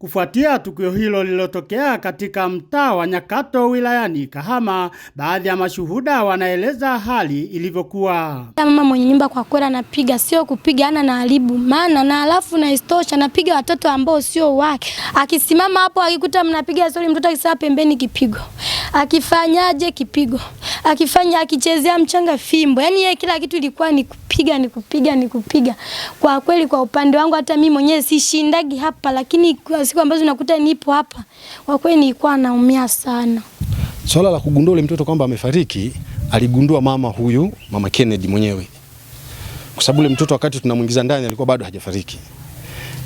Kufuatia tukio hilo lililotokea katika mtaa wa Nyakato wilayani Kahama, baadhi ya mashuhuda wanaeleza hali ilivyokuwa. Mama mwenye nyumba kwa kweli anapiga, sio kupiga, ana na haribu maana na alafu na istosha anapiga watoto ambao sio wake. Akisimama hapo akikuta mnapiga sori, mtoto akisaa pembeni kipigo, akifanyaje kipigo, akifanya akichezea mchanga fimbo, yaani yeye kila kitu ilikuwa ni kupiga ni kupiga ni kupiga. Kwa kweli, kwa upande wangu hata mimi mwenyewe sishindagi hapa, lakini kwa siku ambazo nakuta nipo hapa, kwa kweli nilikuwa naumia sana. Swala la kugundua ule mtoto kwamba amefariki, aligundua mama huyu, mama Kennedy mwenyewe, kwa sababu ule mtoto wakati tunamwingiza ndani alikuwa bado hajafariki,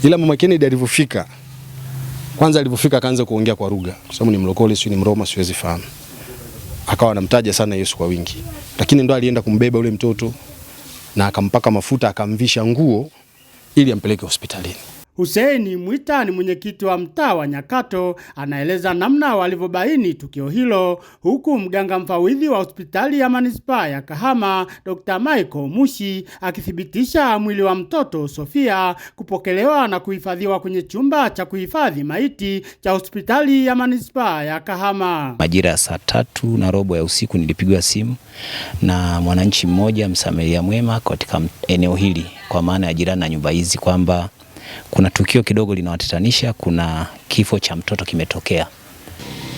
ila mama Kennedy alivyofika kwanza alipofika akaanza kuongea kwa lugha, kwa sababu ni mlokole, si ni Mroma, siwezi fahamu. Akawa anamtaja sana Yesu kwa wingi, lakini ndo alienda kumbeba ule mtoto na akampaka mafuta akamvisha nguo ili ampeleke hospitalini huseini Mwita ni mwenyekiti wa mtaa wa Nyakato, anaeleza namna walivyobaini tukio hilo, huku mganga mfawidhi wa hospitali ya manispaa ya Kahama Dr. Michael Mushi akithibitisha mwili wa mtoto Sofia kupokelewa na kuhifadhiwa kwenye chumba cha kuhifadhi maiti cha hospitali ya manispaa ya Kahama. Majira ya saa tatu na robo ya usiku nilipigwa simu na mwananchi mmoja msamaria mwema katika eneo hili, kwa maana ya jirani na nyumba hizi kwamba kuna tukio kidogo linawatatanisha, kuna kifo cha mtoto kimetokea,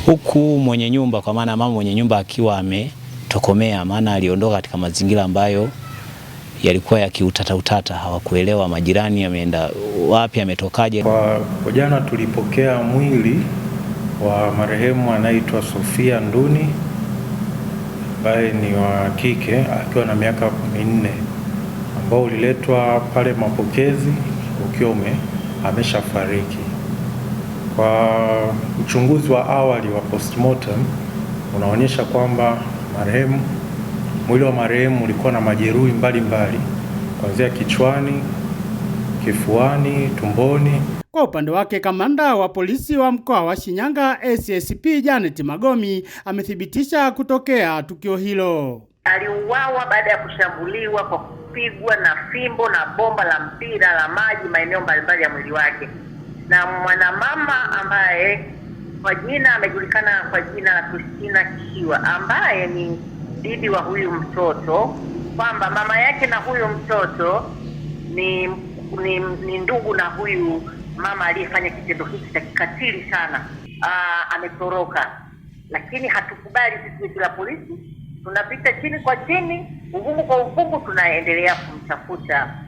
huku mwenye nyumba, kwa maana mama mwenye nyumba akiwa ametokomea, maana aliondoka katika mazingira ambayo yalikuwa yakiutata utata, hawakuelewa majirani ameenda wapi, ametokaje. Kwa jana tulipokea mwili wa marehemu anaitwa Sofia Nduni ambaye ni wa kike akiwa na miaka minne ambao uliletwa pale mapokezi ukiwa ume ameshafariki. Kwa uchunguzi wa awali wa postmortem unaonyesha kwamba marehemu mwili wa marehemu ulikuwa na majeruhi mbalimbali kuanzia kichwani, kifuani, tumboni. Kwa upande wake kamanda wa polisi wa mkoa wa Shinyanga SSP Janet Magomi amethibitisha kutokea tukio hilo aliuawa baada ya kushambuliwa kwa kupigwa na fimbo na bomba la mpira la maji maeneo mbalimbali ya mwili wake, na mwanamama ambaye kwa jina amejulikana kwa jina la Christina Kishiwa ambaye ni bibi wa huyu mtoto, kwamba mama yake na huyu mtoto ni ni, ni ndugu na huyu mama aliyefanya kitendo hiki cha kikatili sana. ametoroka, lakini hatukubali sisi jeshi la polisi tunapita chini kwa chini, ugumu kwa ugumu, tunaendelea kumtafuta